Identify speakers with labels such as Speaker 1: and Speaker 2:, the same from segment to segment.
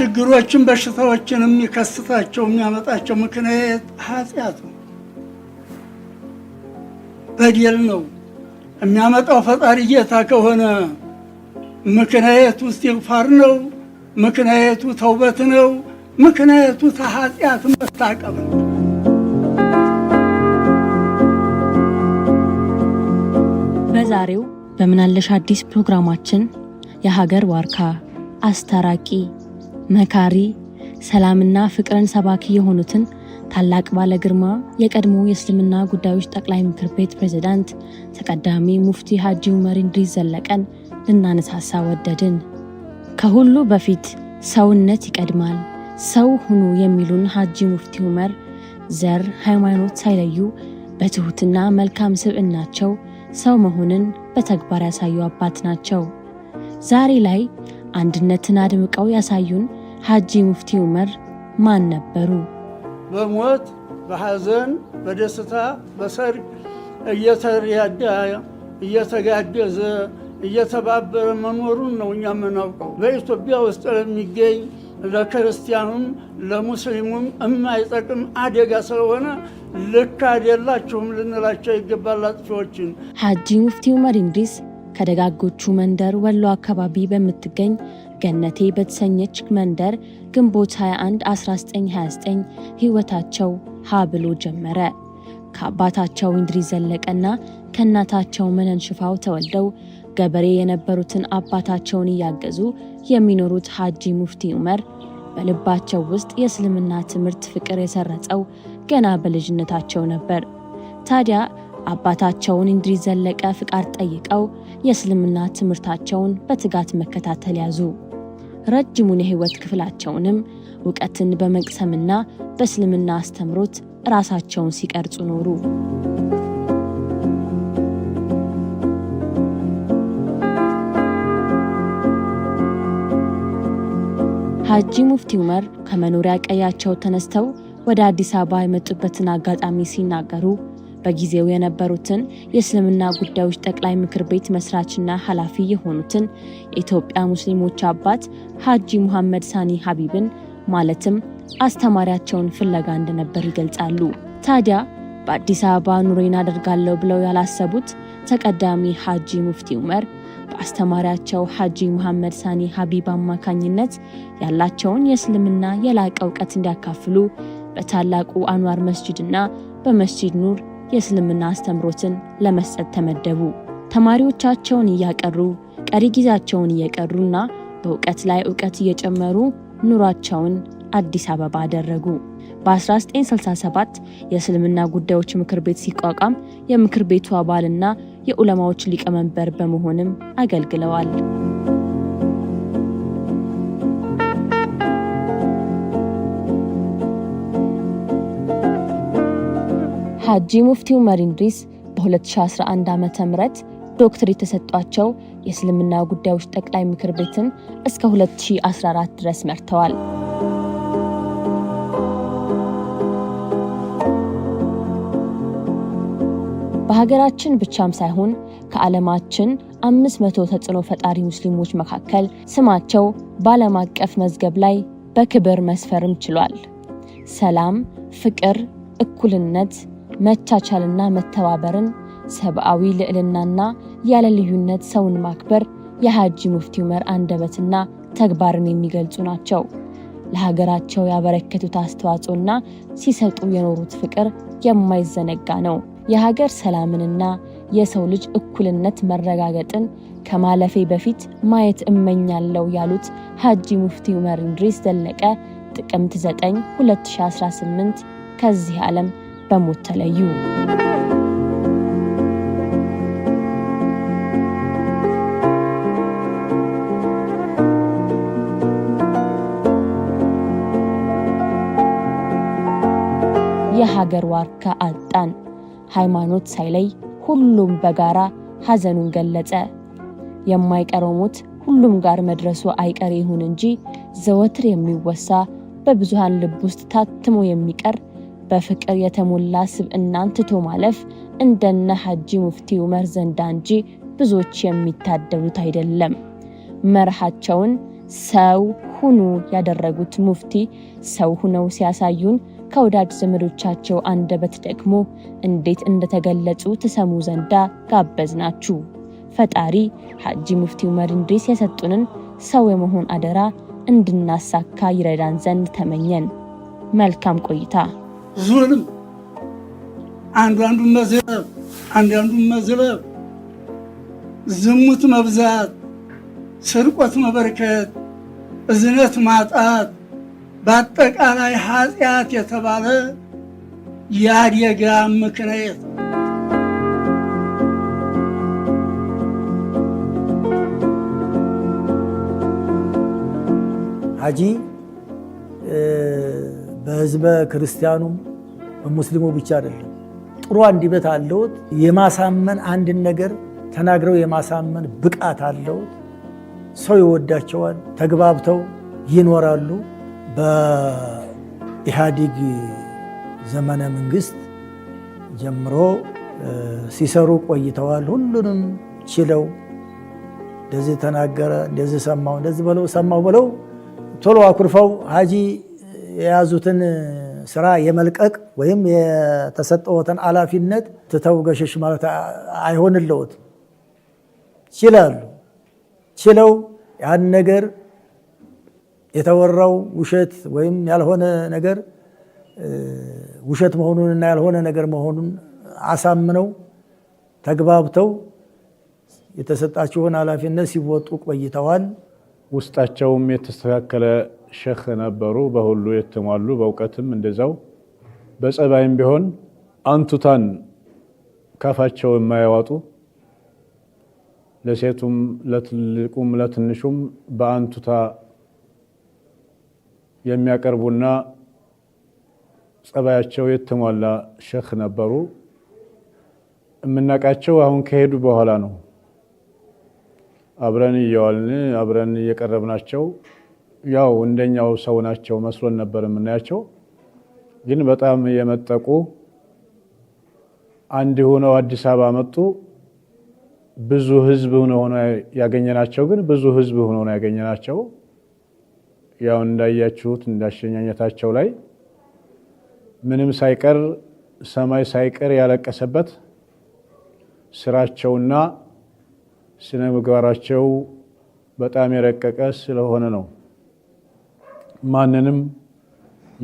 Speaker 1: ችግሮችን በሽታዎችን የሚከስታቸው የሚያመጣቸው ምክንያት ነው፣ በደል ነው። የሚያመጣው ፈጣሪ ጌታ ከሆነ ምክንያቱ ኢስቲግፋር ነው። ምክንያቱ ተውበት ነው። ምክንያቱ ተኃጢአት መታቀብ ነው።
Speaker 2: በዛሬው በምናለሽ አዲስ ፕሮግራማችን የሀገር ዋርካ አስታራቂ መካሪ፣ ሰላምና ፍቅርን ሰባኪ የሆኑትን ታላቅ ባለ ግርማ የቀድሞ የእስልምና ጉዳዮች ጠቅላይ ምክር ቤት ፕሬዝዳንት ተቀዳሚ ሙፍቲ ሀጂ ዑመር ኢድሪስ ዘለቀን ልናነሳሳ ወደድን። ከሁሉ በፊት ሰውነት ይቀድማል፣ ሰው ሁኑ የሚሉን ሀጂ ሙፍቲ ዑመር ዘር፣ ሃይማኖት ሳይለዩ በትሑትና መልካም ስብዕናቸው ሰው መሆንን በተግባር ያሳዩ አባት ናቸው። ዛሬ ላይ አንድነትን አድምቀው ያሳዩን ሐጂ ሙፍቲ ዑመር ማን ነበሩ?
Speaker 1: በሞት በሐዘን በደስታ በሰርግ እየተረዳ እየተጋገዘ እየተባበረ መኖሩን ነው እኛ የምናውቀው። በኢትዮጵያ ውስጥ ለሚገኝ ለክርስቲያኑም ለሙስሊሙም የማይጠቅም አደጋ ስለሆነ ልክ አይደላችሁም ልንላቸው ይገባል አጥፊዎችን።
Speaker 2: ሐጂ ሙፍቲ ዑመር ኢድሪስ ከደጋጎቹ መንደር ወሎ አካባቢ በምትገኝ ገነቴ በተሰኘች መንደር ግንቦት 21 1929 ሕይወታቸው ሀ ብሎ ጀመረ። ከአባታቸው እንድሪ ዘለቀና ከእናታቸው መነን ሽፋው ተወልደው ገበሬ የነበሩትን አባታቸውን እያገዙ የሚኖሩት ሐጂ ሙፍቲ ዑመር በልባቸው ውስጥ የእስልምና ትምህርት ፍቅር የሰረጸው ገና በልጅነታቸው ነበር። ታዲያ አባታቸውን እንድሪ ዘለቀ ፍቃድ ጠይቀው የእስልምና ትምህርታቸውን በትጋት መከታተል ያዙ። ረጅሙን የህይወት ክፍላቸውንም እውቀትን በመቅሰምና በእስልምና አስተምሮት ራሳቸውን ሲቀርጹ ኖሩ። ሐጂ ሙፍቲ ዑመር ከመኖሪያ ቀያቸው ተነስተው ወደ አዲስ አበባ የመጡበትን አጋጣሚ ሲናገሩ በጊዜው የነበሩትን የእስልምና ጉዳዮች ጠቅላይ ምክር ቤት መስራችና ኃላፊ የሆኑትን የኢትዮጵያ ሙስሊሞች አባት ሐጂ ሙሐመድ ሳኒ ሀቢብን ማለትም አስተማሪያቸውን ፍለጋ እንደነበር ይገልጻሉ። ታዲያ በአዲስ አበባ ኑሬን አደርጋለሁ ብለው ያላሰቡት ተቀዳሚ ሐጂ ሙፍቲ ዑመር በአስተማሪያቸው ሐጂ ሙሐመድ ሳኒ ሀቢብ አማካኝነት ያላቸውን የእስልምና የላቀ እውቀት እንዲያካፍሉ በታላቁ አንዋር መስጂድና በመስጂድ ኑር የእስልምና አስተምሮትን ለመስጠት ተመደቡ። ተማሪዎቻቸውን እያቀሩ ቀሪ ጊዜያቸውን እየቀሩና በእውቀት ላይ እውቀት እየጨመሩ ኑሯቸውን አዲስ አበባ አደረጉ። በ1967 የእስልምና ጉዳዮች ምክር ቤት ሲቋቋም የምክር ቤቱ አባልና የዑለማዎች ሊቀመንበር በመሆንም አገልግለዋል። ሀጂ ሙፍቲው ዑመር በ2011 ዓ ም ዶክትሬት የተሰጧቸው የእስልምና ጉዳዮች ጠቅላይ ምክር ቤትን እስከ 2014 ድረስ መርተዋል። በሀገራችን ብቻም ሳይሆን ከዓለማችን 500 ተጽዕኖ ፈጣሪ ሙስሊሞች መካከል ስማቸው በዓለም አቀፍ መዝገብ ላይ በክብር መስፈርም ችሏል። ሰላም፣ ፍቅር፣ እኩልነት መቻቻልና መተባበርን፣ ሰብአዊ ልዕልናና ያለ ልዩነት ሰውን ማክበር የሐጂ ሙፍቲ ዑመር አንደበትና ተግባርን የሚገልጹ ናቸው። ለሀገራቸው ያበረከቱት አስተዋጽኦና ሲሰጡ የኖሩት ፍቅር የማይዘነጋ ነው። የሀገር ሰላምንና የሰው ልጅ እኩልነት መረጋገጥን ከማለፌ በፊት ማየት እመኛለሁ ያሉት ሐጂ ሙፍቲ ዑመር እንድሪስ ዘለቀ ጥቅምት 9 2018 ከዚህ ዓለም በሞት ተለዩ። የሀገር ዋርካ አጣን። ሃይማኖት ሳይለይ ሁሉም በጋራ ሐዘኑን ገለጸ። የማይቀረው ሞት ሁሉም ጋር መድረሱ አይቀር ይሁን እንጂ ዘወትር የሚወሳ በብዙሃን ልብ ውስጥ ታትሞ የሚቀር በፍቅር የተሞላ ስብዕናን ትቶ ማለፍ እንደነ ሐጂ ሙፍቲ ዑመር ዘንዳ እንጂ ብዙዎች የሚታደሉት አይደለም። መርሃቸውን ሰው ሁኑ ያደረጉት ሙፍቲ ሰው ሁነው ሲያሳዩን ከወዳጅ ዘመዶቻቸው አንደበት ደግሞ እንዴት እንደተገለጹ ትሰሙ ዘንዳ ጋበዝናችሁ። ፈጣሪ ሐጂ ሙፍቲ ዑመር እንድሪስ የሰጡንን ሰው የመሆን አደራ እንድናሳካ ይረዳን ዘንድ ተመኘን። መልካም ቆይታ።
Speaker 1: ዙልም አንዱ አንዱ መዝለብ አንዱ መዝለብ፣ ዝሙት መብዛት፣ ስርቆት መበርከት፣ እዝነት ማጣት፣ በአጠቃላይ ኃጢአት የተባለ የአደጋ ምክንያት
Speaker 3: ሀጂ በህዝበ ክርስቲያኑም በሙስሊሙ ብቻ አይደለም። ጥሩ አንደበት አለውት የማሳመን አንድን ነገር ተናግረው የማሳመን ብቃት አለውት ሰው ይወዳቸዋል። ተግባብተው ይኖራሉ። በኢህአዲግ ዘመነ መንግስት ጀምሮ ሲሰሩ ቆይተዋል። ሁሉንም ችለው እንደዚህ ተናገረ፣ እንደዚህ ሰማው፣ እንደዚህ በለው ሰማው ብለው ቶሎ አኩርፈው ሀጂ የያዙትን ስራ የመልቀቅ ወይም የተሰጠዎትን አላፊነት ትተው ገሸሽ ማለት አይሆንለዎት ችላሉ። ችለው ያን ነገር የተወራው ውሸት ወይም ያልሆነ ነገር ውሸት መሆኑንና ያልሆነ ነገር መሆኑን አሳምነው ተግባብተው
Speaker 4: የተሰጣቸውን ኃላፊነት ሲወጡ ቆይተዋል። ውስጣቸውም የተስተካከለ ሸህ ነበሩ። በሁሉ የተሟሉ በእውቀትም እንደዛው በጸባይም ቢሆን አንቱታን ካፋቸው የማያዋጡ ለሴቱም ለትልቁም ለትንሹም በአንቱታ የሚያቀርቡና ጸባያቸው የተሟላ ሸህ ነበሩ። የምናውቃቸው አሁን ከሄዱ በኋላ ነው። አብረን እየዋልን አብረን እየቀረብናቸው ያው እንደኛው ሰው ናቸው መስሎን ነበር የምናያቸው። ግን በጣም የመጠቁ አንድ ሆነው አዲስ አበባ መጡ። ብዙ ህዝብ ሆነው ያገኘናቸው ግን ብዙ ህዝብ ሆነው ያገኘናቸው ያው እንዳያችሁት እንዳሸኛኘታቸው ላይ ምንም ሳይቀር ሰማይ ሳይቀር ያለቀሰበት ስራቸውና ስነ ምግባራቸው በጣም የረቀቀ ስለሆነ ነው። ማንንም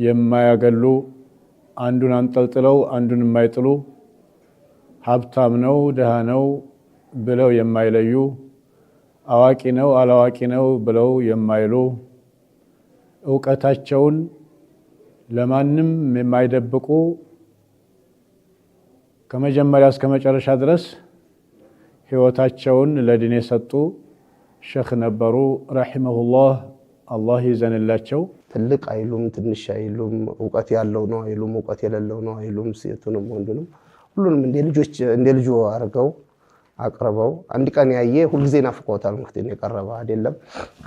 Speaker 4: የማያገሉ አንዱን አንጠልጥለው አንዱን የማይጥሉ ሀብታም ነው ድሃ ነው ብለው የማይለዩ አዋቂ ነው አላዋቂ ነው ብለው የማይሉ እውቀታቸውን ለማንም የማይደብቁ ከመጀመሪያ እስከ መጨረሻ ድረስ ህይወታቸውን ለድን የሰጡ ሸህ ነበሩ ረሒመሁላህ አላህ ይዘንላቸው። ትልቅ አይሉም ትንሽ አይሉም፣ እውቀት ያለው ነው አይሉም፣ እውቀት
Speaker 5: የሌለው ነው አይሉም። ሴቱንም ወንዱንም ሁሉንም እንደ ልጁ አድርገው አቅርበው አንድ ቀን ያየ ሁልጊዜ ናፍቆታል። ሙፍቲን የቀረበ አይደለም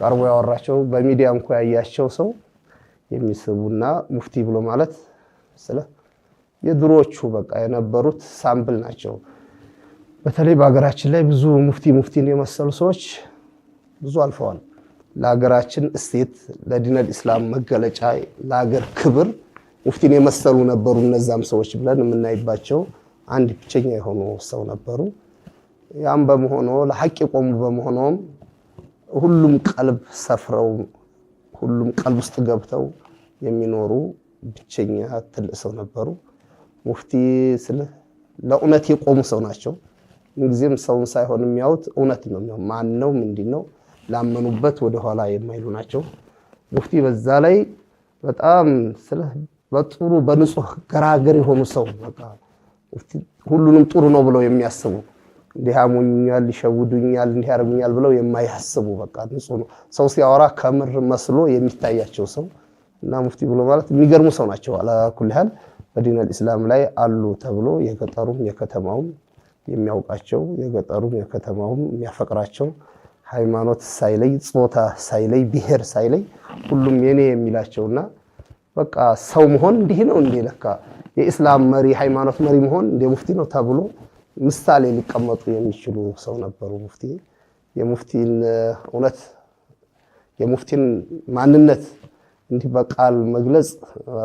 Speaker 5: ቀርቦ ያወራቸው በሚዲያ እንኳ ያያቸው ሰው የሚስቡና ሙፍቲ ብሎ ማለት ስለ የድሮዎቹ በቃ የነበሩት ሳምፕል ናቸው። በተለይ በሀገራችን ላይ ብዙ ሙፍቲ ሙፍቲን የመሰሉ ሰዎች ብዙ አልፈዋል። ለሀገራችን እሴት፣ ለዲነል ኢስላም መገለጫ፣ ለሀገር ክብር ሙፍቲን የመሰሉ ነበሩ። እነዛም ሰዎች ብለን የምናይባቸው አንድ ብቸኛ የሆኑ ሰው ነበሩ። ያም በመሆኖ ለሀቅ የቆሙ በመሆኖም ሁሉም ቀልብ ሰፍረው ሁሉም ቀልብ ውስጥ ገብተው የሚኖሩ ብቸኛ ትልቅ ሰው ነበሩ። ሙፍቲ ስልህ ለእውነት የቆሙ ሰው ናቸው። ምንጊዜም ሰውን ሳይሆን የሚያዩት እውነት ነው። ማን ነው? ምንድን ነው? ላመኑበት ወደኋላ የማይሉ ናቸው። ሙፍቲ በዛ ላይ በጣም ስለ በጥሩ በንጹህ ገራገር የሆኑ ሰው በቃ ሁሉንም ጥሩ ነው ብለው የሚያስቡ እንዲህ አሞኛል፣ ይሸውዱኛል፣ እንዲህ ያደርጉኛል ብለው የማያስቡ በቃ ንጹህ ነው ሰው ሲያወራ ከምር መስሎ የሚታያቸው ሰው እና ሙፍቲ ብሎ ማለት የሚገርሙ ሰው ናቸው። አላኩል ያህል በዲነል ኢስላም ላይ አሉ ተብሎ የገጠሩም የከተማውም የሚያውቃቸው የገጠሩም የከተማውም የሚያፈቅራቸው ሃይማኖት ሳይለይ፣ ጾታ ሳይለይ፣ ብሔር ሳይለይ ሁሉም የኔ የሚላቸውና በቃ ሰው መሆን እንዲህ ነው እንዴ ለካ የኢስላም መሪ ሃይማኖት መሪ መሆን እንደ ሙፍቲ ነው ተብሎ ምሳሌ ሊቀመጡ የሚችሉ ሰው ነበሩ። ሙፍቲ የሙፍቲን እውነት የሙፍቲን ማንነት እንዲህ በቃል መግለጽ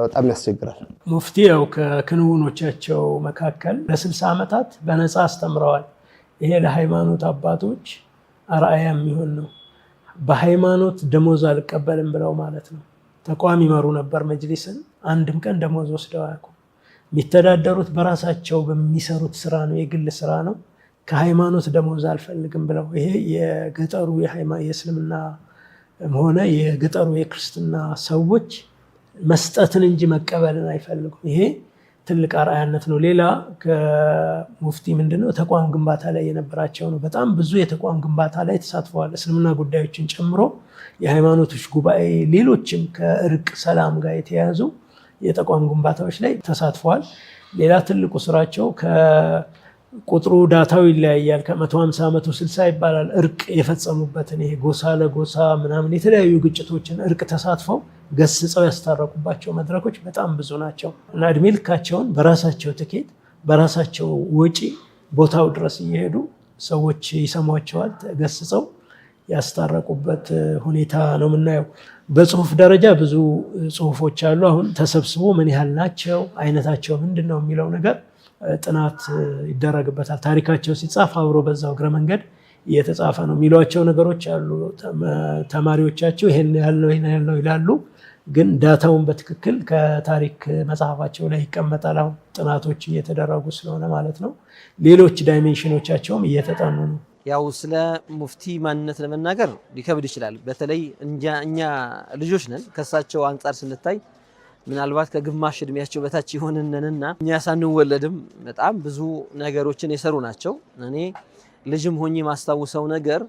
Speaker 5: በጣም ያስቸግራል።
Speaker 6: ሙፍቲ ያው ከክንውኖቻቸው መካከል ለስልሳ ዓመታት በነፃ አስተምረዋል። ይሄ ለሃይማኖት አባቶች አርአያ የሚሆን ነው። በሃይማኖት ደሞዝ አልቀበልም ብለው ማለት ነው። ተቋም ይመሩ ነበር መጅሊስን። አንድም ቀን ደሞዝ ወስደው አያውቁም። የሚተዳደሩት በራሳቸው በሚሰሩት ስራ ነው፣ የግል ስራ ነው። ከሃይማኖት ደሞዝ አልፈልግም ብለው ይሄ የገጠሩ የእስልምና ሆነ የገጠሩ የክርስትና ሰዎች መስጠትን እንጂ መቀበልን አይፈልጉም። ይሄ ትልቅ አርአያነት ነው። ሌላ ከሙፍቲ ምንድነው ተቋም ግንባታ ላይ የነበራቸው ነው። በጣም ብዙ የተቋም ግንባታ ላይ ተሳትፈዋል። እስልምና ጉዳዮችን ጨምሮ የሃይማኖቶች ጉባኤ፣ ሌሎችም ከእርቅ ሰላም ጋር የተያያዙ የተቋም ግንባታዎች ላይ ተሳትፈዋል። ሌላ ትልቁ ስራቸው ቁጥሩ ዳታው ይለያያል። ከመቶ ሀምሳ መቶ ስልሳ ይባላል። እርቅ የፈጸሙበትን ይሄ ጎሳ ለጎሳ ምናምን የተለያዩ ግጭቶችን እርቅ ተሳትፈው ገስጸው ያስታረቁባቸው መድረኮች በጣም ብዙ ናቸው እና እድሜ ልካቸውን በራሳቸው ትኬት በራሳቸው ወጪ ቦታው ድረስ እየሄዱ ሰዎች ይሰሟቸዋል፣ ገስጸው ያስታረቁበት ሁኔታ ነው የምናየው። በጽሁፍ ደረጃ ብዙ ጽሁፎች አሉ። አሁን ተሰብስቦ ምን ያህል ናቸው፣ አይነታቸው ምንድን ነው የሚለው ነገር ጥናት ይደረግበታል። ታሪካቸው ሲጻፍ አብሮ በዛው እግረ መንገድ እየተጻፈ ነው የሚሏቸው ነገሮች አሉ። ተማሪዎቻቸው ይሄን ያለው ነው ይሄን ይላሉ፣ ግን ዳታውን በትክክል ከታሪክ መጽሐፋቸው ላይ ይቀመጣል። አሁን ጥናቶች እየተደረጉ ስለሆነ ማለት ነው። ሌሎች ዳይሜንሽኖቻቸውም እየተጠኑ
Speaker 7: ነው። ያው ስለ ሙፍቲ ማንነት ለመናገር ሊከብድ ይችላል። በተለይ እኛ ልጆች ነን። ከእሳቸው አንጻር ስንታይ ምናልባት ከግማሽ እድሜያቸው በታች የሆንንንና እኛ ሳንወለድም በጣም ብዙ ነገሮችን የሰሩ ናቸው። እኔ ልጅም ሆኜ የማስታውሰው ነገር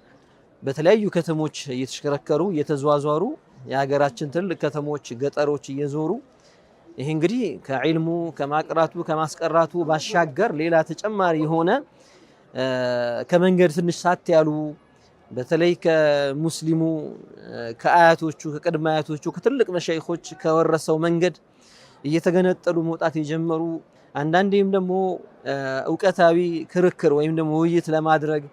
Speaker 7: በተለያዩ ከተሞች እየተሽከረከሩ እየተዟዟሩ የሀገራችን ትልቅ ከተሞች፣ ገጠሮች እየዞሩ ይህ እንግዲህ ከዒልሙ ከማቅራቱ ከማስቀራቱ ባሻገር ሌላ ተጨማሪ የሆነ ከመንገድ ትንሽ ሳት ያሉ በተለይ ከሙስሊሙ ከአያቶቹ ከቅድመ አያቶቹ ከትልቅ መሻይኾች ከወረሰው መንገድ እየተገነጠሉ መውጣት የጀመሩ አንዳንዴም ደግሞ እውቀታዊ ክርክር ወይም ደግሞ ውይይት ለማድረግ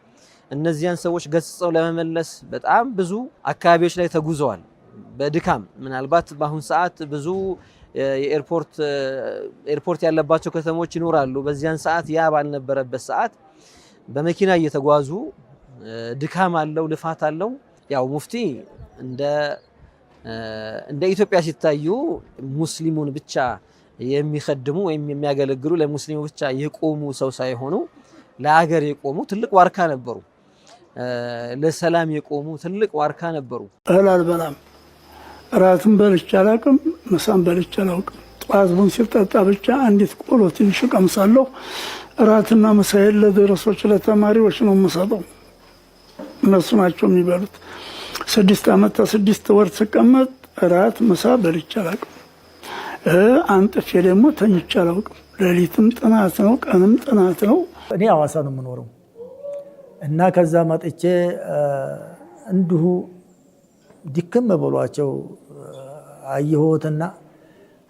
Speaker 7: እነዚያን ሰዎች ገስጸው ለመመለስ በጣም ብዙ አካባቢዎች ላይ ተጉዘዋል። በድካም ምናልባት በአሁን ሰዓት ብዙ ኤርፖርት ያለባቸው ከተሞች ይኖራሉ። በዚያን ሰዓት ያ ባልነበረበት ሰዓት በመኪና እየተጓዙ ድካም አለው፣ ልፋት አለው። ያው ሙፍቲ እንደ እንደ ኢትዮጵያ ሲታዩ ሙስሊሙን ብቻ የሚከድሙ ወይም የሚያገለግሉ ለሙስሊሙ ብቻ የቆሙ ሰው ሳይሆኑ ለአገር የቆሙ ትልቅ ዋርካ ነበሩ። ለሰላም የቆሙ ትልቅ ዋርካ ነበሩ።
Speaker 1: እህል አልበላም፣ እራትም በልቼ አላውቅም፣ ምሳም በልቼ አላውቅም። ጠዋት ቡን ሲጠጣ ብቻ አንዲት ቆሎ ትንሽ ቀምሳለሁ። እራትና ምሳዬን ለደረሶች ለተማሪዎች ነው የምሰጠው። እነሱ ናቸው የሚበሉት። ስድስት ዓመት ከስድስት ወር ስቀመጥ እራት ምሳ በልቼ አላውቅም። አንጥፌ ደግሞ ተኝቼ አላውቅም። ሌሊትም ጥናት ነው፣ ቀንም ጥናት ነው።
Speaker 3: እኔ አዋሳ ነው የምኖረው እና ከዛ መጥቼ እንዲሁ ድክም ብሏቸው አየሁትና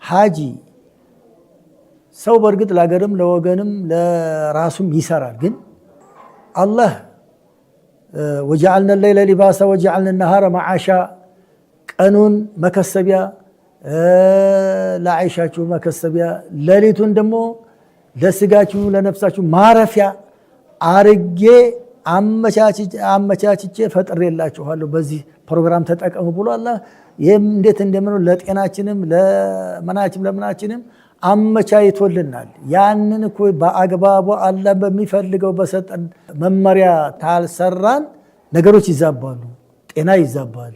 Speaker 3: ሀጂ ሰው በእርግጥ ለሀገርም ለወገንም ለራሱም ይሰራል ግን አላህ ወጀዓልና ሌይለ ሊባሳ ወጀዓልና ነሃረ መዓሻ ቀኑን መከሰቢያ ለአይሻችሁ መከሰቢያ ሌሊቱን ደግሞ ለስጋችሁ ለነፍሳችሁ ማረፊያ አርጌ አመቻችቼ ፈጥሬላችኋለሁ። በዚህ ፕሮግራም ተጠቀሙ ብሎ አላህ ይህም እንዴት እንደምነው ለጤናችንም ለመናችም ለምናችንም አመቻይቶልናል። ያንን እኮ በአግባቡ አላህ በሚፈልገው በሰጠን መመሪያ ታልሰራን ነገሮች ይዛባሉ፣ ጤና ይዛባል።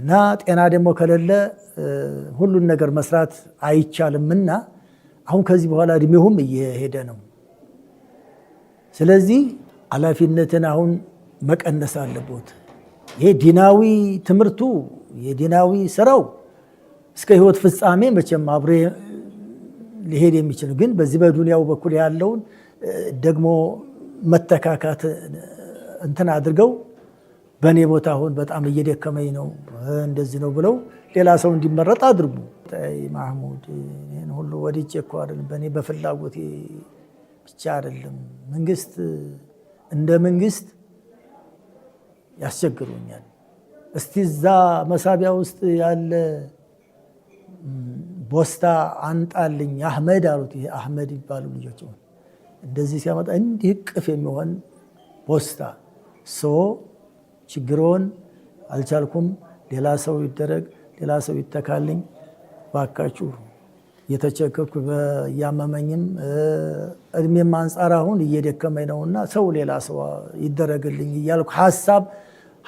Speaker 3: እና ጤና ደግሞ ከሌለ ሁሉን ነገር መስራት አይቻልምና አሁን ከዚህ በኋላ እድሜውም እየሄደ ነው። ስለዚህ ኃላፊነትን አሁን መቀነስ አለቦት። ይሄ ዲናዊ ትምህርቱ የዲናዊ ስራው እስከ ህይወት ፍጻሜ መቼም አብሬ ሊሄድ የሚችል ግን በዚህ በዱንያው በኩል ያለውን ደግሞ መተካካት እንትን አድርገው በእኔ ቦታ አሁን በጣም እየደከመኝ ነው እንደዚህ ነው ብለው ሌላ ሰው እንዲመረጥ አድርጉ። ማህሙድ ይህን ሁሉ ወድጄ እኮ አይደለም በእኔ በፍላጎቴ ብቻ አይደለም። መንግስት እንደ መንግስት ያስቸግሩኛል። እስቲ እዛ መሳቢያ ውስጥ ያለ ቦስታ አንጣልኝ አህመድ አሉት። ይሄ አህመድ ይባሉ ልጆች እንደዚህ ሲያመጣ እንዲህ እቅፍ የሚሆን ቦስታ ሶ ችግሮን አልቻልኩም፣ ሌላ ሰው ይደረግ፣ ሌላ ሰው ይተካልኝ፣ ባካችሁ የተቸከኩ እያመመኝም እድሜም አንጻር አሁን እየደከመኝ ነውና ሰው ሌላ ሰው ይደረግልኝ እያልኩ ሀሳብ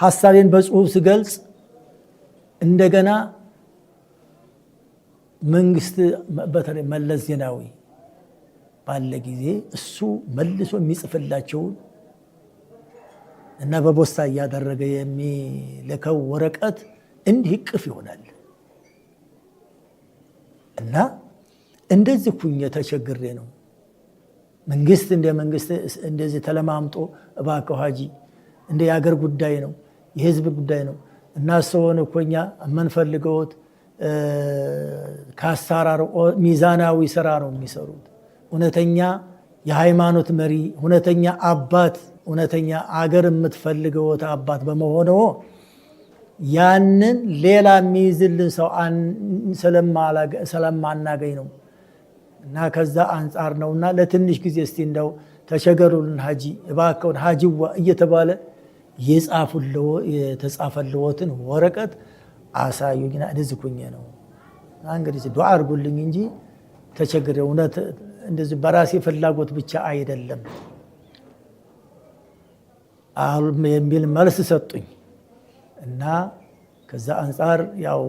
Speaker 3: ሀሳቤን በጽሁፍ ስገልጽ እንደገና መንግስት በተለይ መለስ ዜናዊ ባለ ጊዜ እሱ መልሶ የሚጽፍላቸውን እና በቦስታ እያደረገ የሚልከው ወረቀት እንዲህ ቅፍ ይሆናል እና እንደዚህ ኩኝ ተቸግሬ ነው መንግስት እንደ መንግስት እንደዚህ ተለማምጦ እባክህ ሀጂ እንደ የአገር ጉዳይ ነው የህዝብ ጉዳይ ነው እና ሰሆን እኮ ከአሰራር ሚዛናዊ ስራ ነው የሚሰሩት። እውነተኛ የሃይማኖት መሪ፣ እውነተኛ አባት፣ እውነተኛ አገር የምትፈልገዎት አባት በመሆነው ያንን ሌላ የሚይዝልን ሰው ስለማናገኝ ነው እና ከዛ አንጻር ነውና ለትንሽ ጊዜ እስቲ እንደው ተሸገሩልን ሀጂ እባከውን ሀጂዋ እየተባለ የተጻፈልዎትን ወረቀት አሳዩኝና እንደዚህ ኩኜ ነው እንግዲህ ዱዓ አድርጉልኝ እንጂ ተቸግሬ እውነት እንደዚህ በራሴ ፍላጎት ብቻ አይደለም የሚል መልስ ሰጡኝ እና ከዛ አንጻር ያው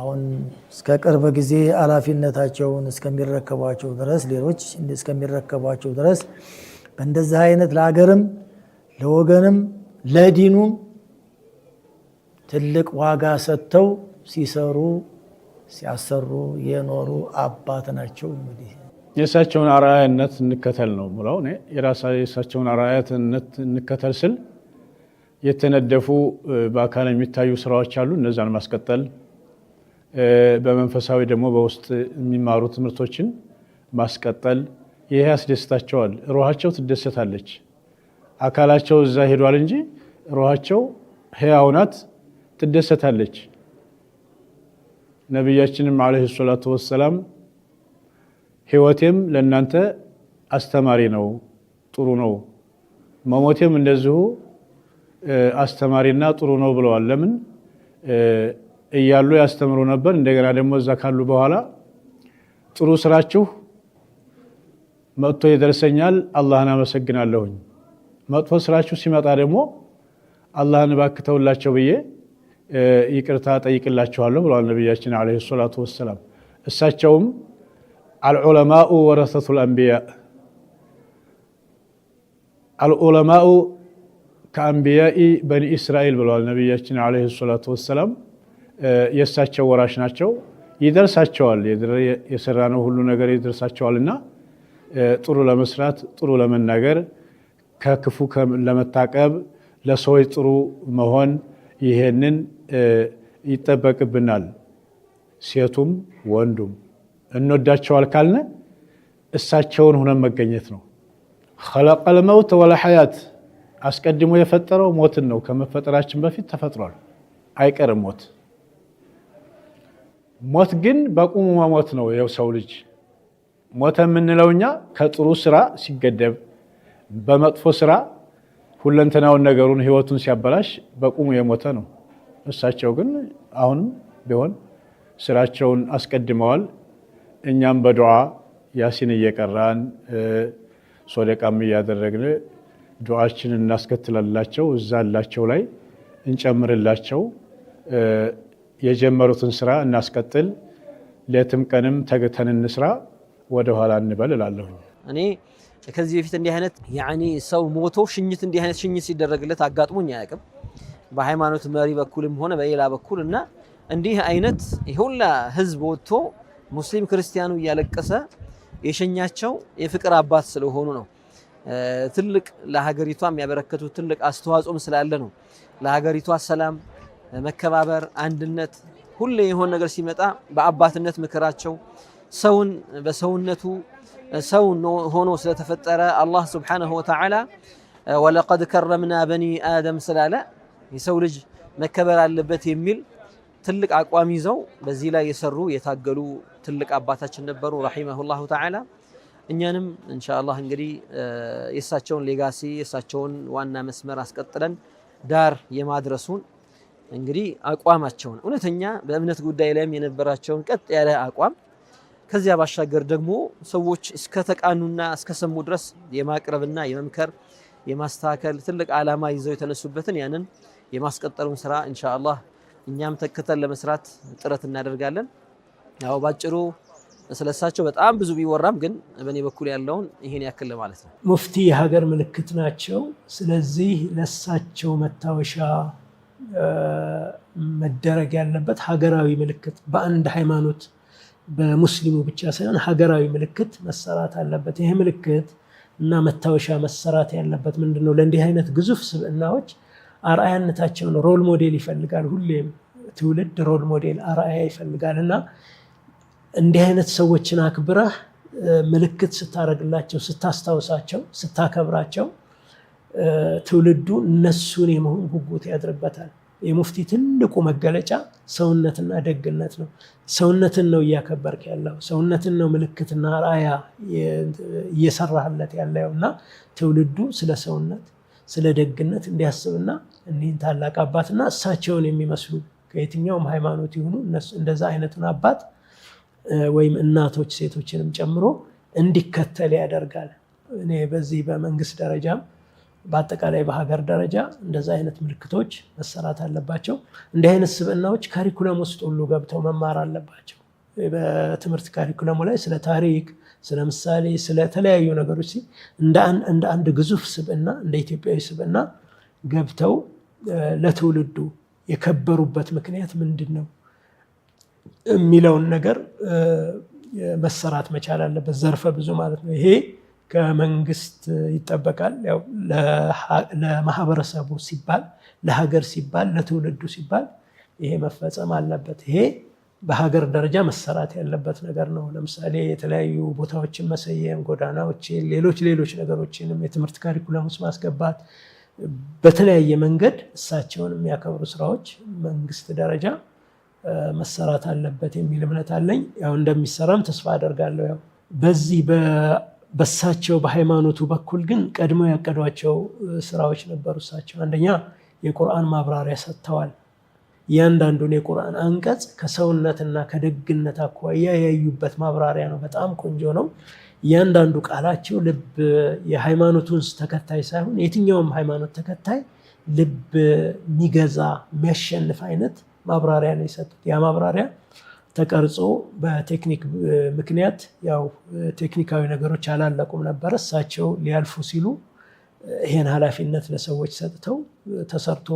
Speaker 3: አሁን እስከ ቅርብ ጊዜ ኃላፊነታቸውን እስከሚረከቧቸው ድረስ ሌሎች እስከሚረከቧቸው ድረስ በእንደዚህ አይነት ለሀገርም ለወገንም ለዲኑም ትልቅ ዋጋ ሰጥተው ሲሰሩ ሲያሰሩ የኖሩ አባት ናቸው። እንግዲህ
Speaker 4: የእሳቸውን አርአያነት እንከተል ነው ብለው የእሳቸውን አርአያነት እንከተል ስል የተነደፉ በአካል የሚታዩ ስራዎች አሉ። እነዛን ማስቀጠል፣ በመንፈሳዊ ደግሞ በውስጥ የሚማሩ ትምህርቶችን ማስቀጠል። ይሄ ያስደስታቸዋል። ሩሃቸው ትደሰታለች። አካላቸው እዛ ሄዷል እንጂ ሩሃቸው ህያው ናት። ትደሰታለች። ነቢያችንም ዓለይሂ ሰላቱ ወሰላም ሕይወቴም ለእናንተ አስተማሪ ነው፣ ጥሩ ነው፣ መሞቴም እንደዚሁ አስተማሪና ጥሩ ነው ብለዋል። ለምን እያሉ ያስተምሩ ነበር። እንደገና ደግሞ እዛ ካሉ በኋላ ጥሩ ስራችሁ መጥቶ ይደርሰኛል፣ አላህን አመሰግናለሁኝ። መጥፎ ስራችሁ ሲመጣ ደግሞ አላህን ባክተውላቸው ብዬ ይቅርታ ጠይቅላችኋለሁ ብለዋል ነቢያችን ዓለይሂ ሰላቱ ወሰላም። እሳቸውም አልዑለማኡ ወረሰቱል አንቢያ፣ አልዑለማኡ ከአንቢያኢ በኒ እስራኤል ብለዋል ነቢያችን ዓለይሂ ሰላቱ ወሰላም። የእሳቸው ወራሽ ናቸው። ይደርሳቸዋል፣ የሰራነው ሁሉ ነገር ይደርሳቸዋልና ጥሩ ለመስራት ጥሩ ለመናገር ከክፉ ለመታቀብ ለሰዎች ጥሩ መሆን ይሄንን ይጠበቅብናል። ሴቱም ወንዱም እንወዳቸዋል ካልነ እሳቸውን ሆነ መገኘት ነው። ኸለቀል መውት ወለ ሐያት አስቀድሞ የፈጠረው ሞትን ነው። ከመፈጠራችን በፊት ተፈጥሯል። አይቀርም ሞት። ሞት ግን በቁሙ መሞት ነው። የው ሰው ልጅ ሞተ የምንለው እኛ ከጥሩ ስራ ሲገደብ፣ በመጥፎ ስራ ሁለንተናውን ነገሩን ህይወቱን ሲያበላሽ በቁሙ የሞተ ነው። እሳቸው ግን አሁን ቢሆን ስራቸውን አስቀድመዋል። እኛም በዱዓ ያሲን እየቀራን ሶደቃም እያደረግን ዱዓችንን እናስከትላላቸው፣ እዛ ላቸው ላይ እንጨምርላቸው፣ የጀመሩትን ስራ እናስቀጥል፣ ሌትም ቀንም ተግተን እንስራ፣ ወደኋላ እንበል እላለሁ
Speaker 7: እኔ ከዚህ በፊት እንዲህ አይነት ሰው ሞቶ ሽኝት እንዲህ አይነት ሽኝት ሲደረግለት አጋጥሞኝ አያውቅም። በሃይማኖት መሪ በኩልም ሆነ በሌላ በኩል እና እንዲህ አይነት የሁላ ህዝብ ወጥቶ ሙስሊም ክርስቲያኑ እያለቀሰ የሸኛቸው የፍቅር አባት ስለሆኑ ነው። ትልቅ ለሀገሪቷ የሚያበረከቱት ትልቅ አስተዋጽኦም ስላለ ነው። ለሀገሪቷ ሰላም፣ መከባበር፣ አንድነት ሁሌ የሆነ ነገር ሲመጣ በአባትነት ምክራቸው ሰውን በሰውነቱ ሰው ሆኖ ስለተፈጠረ አላህ ስብሓነሁ ወተዓላ ወለቀድ ከረምና በኒ አደም ስላለ የሰው ልጅ መከበር አለበት የሚል ትልቅ አቋም ይዘው በዚህ ላይ የሰሩ የታገሉ ትልቅ አባታችን ነበሩ፣ ረሂመሁላሁ ተዓላ። እኛንም ኢንሻአላህ እንግዲህ የእሳቸውን ሌጋሲ የእሳቸውን ዋና መስመር አስቀጥለን ዳር የማድረሱን እንግዲህ አቋማቸውን እውነተኛ በእምነት ጉዳይ ላይም የነበራቸውን ቀጥ ያለ አቋም ከዚያ ባሻገር ደግሞ ሰዎች እስከ ተቃኑና እስከ ሰሙ ድረስ የማቅረብና የመምከር የማስተካከል ትልቅ ዓላማ ይዘው የተነሱበትን ያንን የማስቀጠሉን ስራ ኢንሻአላህ እኛም ተከተል ለመስራት ጥረት እናደርጋለን። ያው ባጭሩ ስለሳቸው በጣም ብዙ ቢወራም ግን በእኔ በኩል ያለውን ይሄን ያክል ማለት ነው።
Speaker 6: ሙፍቲ የሀገር ምልክት ናቸው። ስለዚህ ለሳቸው መታወሻ መደረግ ያለበት ሀገራዊ ምልክት በአንድ ሃይማኖት በሙስሊሙ ብቻ ሳይሆን ሀገራዊ ምልክት መሰራት አለበት። ይሄ ምልክት እና መታወሻ መሰራት ያለበት ምንድን ነው? ለእንዲህ አይነት ግዙፍ ስብዕናዎች አርአያነታቸውን ሮል ሞዴል ይፈልጋል። ሁሌም ትውልድ ሮል ሞዴል አርአያ ይፈልጋል እና እንዲህ አይነት ሰዎችን አክብረህ ምልክት ስታደርግላቸው፣ ስታስታውሳቸው፣ ስታከብራቸው ትውልዱ እነሱን የመሆን ጉጉት ያድርበታል። የሙፍቲ ትልቁ መገለጫ ሰውነትና ደግነት ነው። ሰውነትን ነው እያከበርክ ያለው፣ ሰውነትን ነው ምልክትና ራእያ እየሰራህለት ያለው እና ትውልዱ ስለ ሰውነት ስለ ደግነት እንዲያስብና እኒህን ታላቅ አባትና እሳቸውን የሚመስሉ ከየትኛውም ሃይማኖት የሆኑ እንደዛ አይነቱን አባት ወይም እናቶች ሴቶችንም ጨምሮ እንዲከተል ያደርጋል። እኔ በዚህ በመንግስት ደረጃም በአጠቃላይ በሀገር ደረጃ እንደዛ አይነት ምልክቶች መሰራት አለባቸው። እንዲህ አይነት ስብዕናዎች ካሪኩለም ውስጥ ሁሉ ገብተው መማር አለባቸው። በትምህርት ካሪኩለሙ ላይ ስለ ታሪክ ስለምሳሌ ስለተለያዩ ነገሮች እንደ አንድ ግዙፍ ስብና እንደ ኢትዮጵያዊ ስብና ገብተው ለትውልዱ የከበሩበት ምክንያት ምንድን ነው የሚለውን ነገር መሰራት መቻል አለበት። ዘርፈ ብዙ ማለት ነው። ይሄ ከመንግስት ይጠበቃል። ያው ለማህበረሰቡ ሲባል፣ ለሀገር ሲባል፣ ለትውልዱ ሲባል ይሄ መፈጸም አለበት። ይሄ በሀገር ደረጃ መሰራት ያለበት ነገር ነው። ለምሳሌ የተለያዩ ቦታዎችን መሰየም፣ ጎዳናዎችን፣ ሌሎች ሌሎች ነገሮችንም የትምህርት ካሪኩለም ውስጥ ማስገባት በተለያየ መንገድ እሳቸውን የሚያከብሩ ስራዎች መንግስት ደረጃ መሰራት አለበት የሚል እምነት አለኝ። ያው እንደሚሰራም ተስፋ አደርጋለሁ። ያው በዚህ በሳቸው በሃይማኖቱ በኩል ግን ቀድመው ያቀዷቸው ስራዎች ነበሩ። እሳቸው አንደኛ የቁርአን ማብራሪያ ሰጥተዋል። እያንዳንዱን የቁርአን አንቀጽ ከሰውነትና ከደግነት አኳያ ያዩበት ማብራሪያ ነው። በጣም ቆንጆ ነው። እያንዳንዱ ቃላቸው ልብ የሃይማኖቱን ተከታይ ሳይሆን የትኛውም ሃይማኖት ተከታይ ልብ የሚገዛ የሚያሸንፍ አይነት ማብራሪያ ነው የሰጡት። ያ ማብራሪያ ተቀርጾ በቴክኒክ ምክንያት ያው ቴክኒካዊ ነገሮች አላለቁም ነበረ። እሳቸው ሊያልፉ ሲሉ ይህን ኃላፊነት ለሰዎች ሰጥተው ተሰርቶ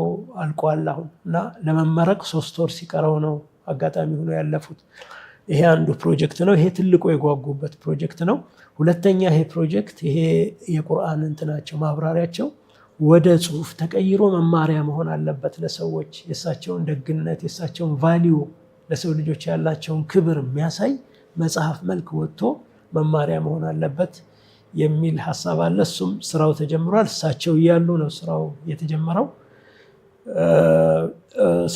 Speaker 6: አልቋል አሁን እና ለመመረቅ ሶስት ወር ሲቀረው ነው አጋጣሚ ሆኖ ያለፉት። ይሄ አንዱ ፕሮጀክት ነው። ይሄ ትልቁ የጓጉበት ፕሮጀክት ነው። ሁለተኛ ይሄ ፕሮጀክት ይሄ የቁርአን እንትናቸው ማብራሪያቸው ወደ ጽሁፍ ተቀይሮ መማሪያ መሆን አለበት ለሰዎች የእሳቸውን ደግነት የእሳቸውን ቫሊዩ ለሰው ልጆች ያላቸውን ክብር የሚያሳይ መጽሐፍ መልክ ወጥቶ መማሪያ መሆን አለበት። የሚል ሀሳብ አለ። እሱም ስራው ተጀምሯል። እሳቸው እያሉ ነው ስራው የተጀመረው።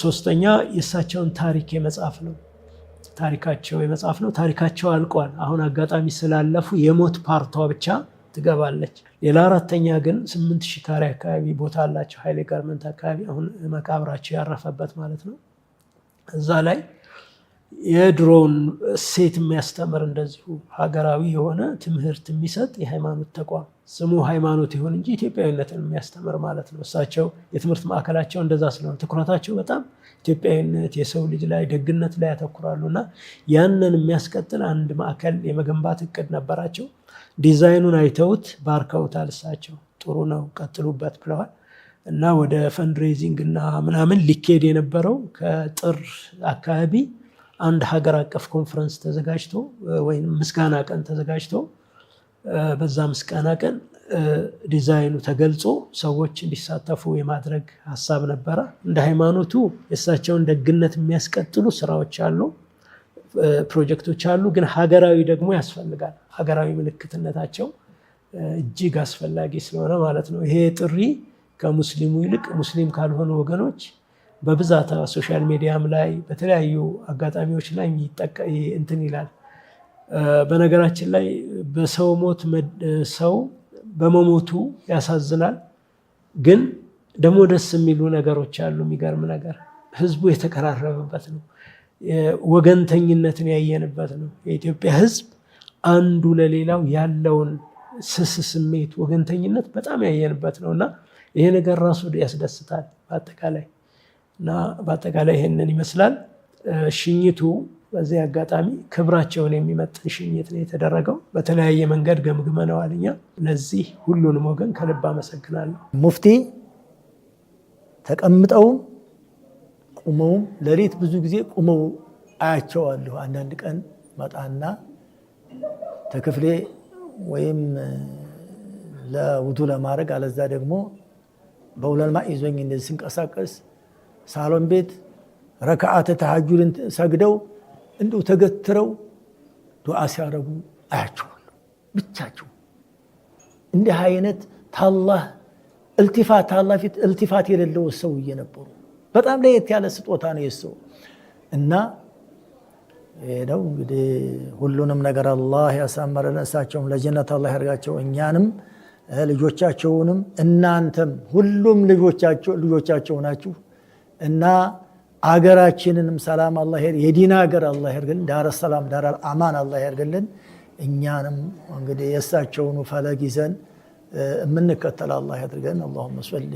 Speaker 6: ሶስተኛ የእሳቸውን ታሪክ የመጽሐፍ ነው። ታሪካቸው የመጻፍ ነው። ታሪካቸው አልቋል። አሁን አጋጣሚ ስላለፉ የሞት ፓርቷ ብቻ ትገባለች። ሌላ አራተኛ ግን ስምንት ሺህ ካሬ አካባቢ ቦታ አላቸው ኃይሌ ጋርመንት አካባቢ አሁን መቃብራቸው ያረፈበት ማለት ነው እዛ ላይ የድሮውን እሴት የሚያስተምር እንደዚሁ ሀገራዊ የሆነ ትምህርት የሚሰጥ የሃይማኖት ተቋም ስሙ ሃይማኖት ይሁን እንጂ ኢትዮጵያዊነትን የሚያስተምር ማለት ነው። እሳቸው የትምህርት ማዕከላቸው እንደዛ ስለሆነ ትኩረታቸው በጣም ኢትዮጵያዊነት፣ የሰው ልጅ ላይ ደግነት ላይ ያተኩራሉ እና ያንን የሚያስቀጥል አንድ ማዕከል የመገንባት እቅድ ነበራቸው። ዲዛይኑን አይተውት ባርከውታል። እሳቸው ጥሩ ነው ቀጥሉበት ብለዋል። እና ወደ ፈንድሬዚንግ እና ምናምን ሊኬድ የነበረው ከጥር አካባቢ አንድ ሀገር አቀፍ ኮንፈረንስ ተዘጋጅቶ ወይም ምስጋና ቀን ተዘጋጅቶ በዛ ምስጋና ቀን ዲዛይኑ ተገልጾ ሰዎች እንዲሳተፉ የማድረግ ሀሳብ ነበረ። እንደ ሃይማኖቱ የእሳቸውን ደግነት የሚያስቀጥሉ ስራዎች አሉ፣ ፕሮጀክቶች አሉ። ግን ሀገራዊ ደግሞ ያስፈልጋል። ሀገራዊ ምልክትነታቸው እጅግ አስፈላጊ ስለሆነ ማለት ነው። ይሄ ጥሪ ከሙስሊሙ ይልቅ ሙስሊም ካልሆኑ ወገኖች በብዛት ሶሻል ሚዲያም ላይ በተለያዩ አጋጣሚዎች ላይ እንትን ይላል። በነገራችን ላይ በሰው ሞት ሰው በመሞቱ ያሳዝናል። ግን ደግሞ ደስ የሚሉ ነገሮች አሉ። የሚገርም ነገር ህዝቡ የተቀራረበበት ነው። ወገንተኝነትን ያየንበት ነው። የኢትዮጵያ ህዝብ አንዱ ለሌላው ያለውን ስስ ስሜት፣ ወገንተኝነት በጣም ያየንበት ነው እና ይሄ ነገር ራሱ ያስደስታል በአጠቃላይ እና በአጠቃላይ ይህንን ይመስላል ሽኝቱ። በዚህ አጋጣሚ ክብራቸውን የሚመጥን ሽኝት ነው የተደረገው። በተለያየ መንገድ ገምግመነዋል እኛ። ለዚህ ሁሉንም ወገን ከልብ
Speaker 3: አመሰግናለሁ። ሙፍቲ ተቀምጠውም ቁመውም ለሌት ብዙ ጊዜ ቁመው አያቸዋለሁ። አንዳንድ ቀን መጣና ተክፍሌ ወይም ለውዱ ለማድረግ አለዛ ደግሞ በውለልማ ይዞኝ እንደዚህ ሲንቀሳቀስ ሳሎን ቤት ረክዓተ ተሃጁድን ሰግደው እንደው ተገትረው ዱዓ ሲያረጉ አያቸዋሉ ብቻቸው እንዲህ አይነት ታላህ እልቲፋት ታላህ ፊት እልቲፋት የሌለው ሰው ነበሩ። በጣም ለየት ያለ ስጦታ ነው የሰው እና ነው እንግዲህ ሁሉንም ነገር አላህ ያሳመረን። እሳቸውም ለጀነት አላህ ያደርጋቸው እኛንም ልጆቻቸውንም እናንተም ሁሉም ልጆቻቸው ናችሁ። እና አገራችንንም ሰላም ሄር የዲና ሀገር አላህ ያርግልን። ዳረ ሰላም ዳረ አማን አላ ያርግልን። እኛንም እንግዲህ የእሳቸውኑ ፈለግ ይዘን የምንከተል
Speaker 5: አላህ ያድርገን። አላሁመ ሰሊ።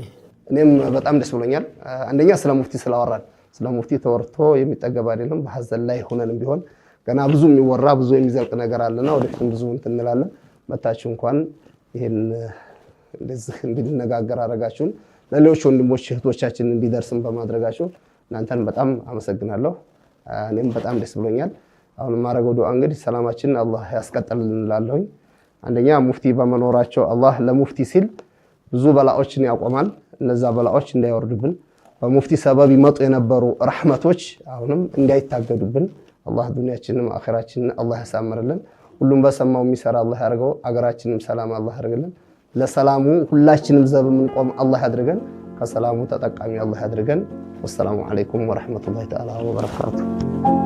Speaker 5: እኔም በጣም ደስ ብሎኛል። አንደኛ ስለ ሙፍቲ ስላወራን፣ ስለ ሙፍቲ ተወርቶ የሚጠገብ አይደለም። በሀዘን ላይ ሆነንም ቢሆን ገና ብዙ የሚወራ ብዙ የሚዘልቅ ነገር አለና ወደፊትም ብዙ እንትን እንላለን። መታችሁ እንኳን ይህን እንደዚህ እንድንነጋገር አረጋችሁን። ለሌሎች ወንድሞች እህቶቻችን እንዲደርስም በማድረጋችሁ እናንተን በጣም አመሰግናለሁ። እኔም በጣም ደስ ብሎኛል። አሁን ማድረገው ዱዓ እንግዲህ ሰላማችንን አላህ ያስቀጥልልን እላለሁኝ። አንደኛ ሙፍቲ በመኖራቸው አላህ ለሙፍቲ ሲል ብዙ በላዎችን ያቆማል። እነዛ በላዎች እንዳይወርዱብን በሙፍቲ ሰበብ ይመጡ የነበሩ ረሕመቶች አሁንም እንዳይታገዱብን አላህ ዱንያችንም አኼራችንን አላህ ያሳምርልን። ሁሉም በሰማው የሚሰራ አላህ ያደርገው። አገራችንም ሰላም አላህ ያደርግልን። ለሰላሙ ሁላችንም ዘብ የምንቆም አላህ ያድርገን። ከሰላሙ ተጠቃሚ አላህ ያድርገን። ወሰላሙ ዓለይኩም ወረሕመቱላሂ ተዓላ ወበረካቱ።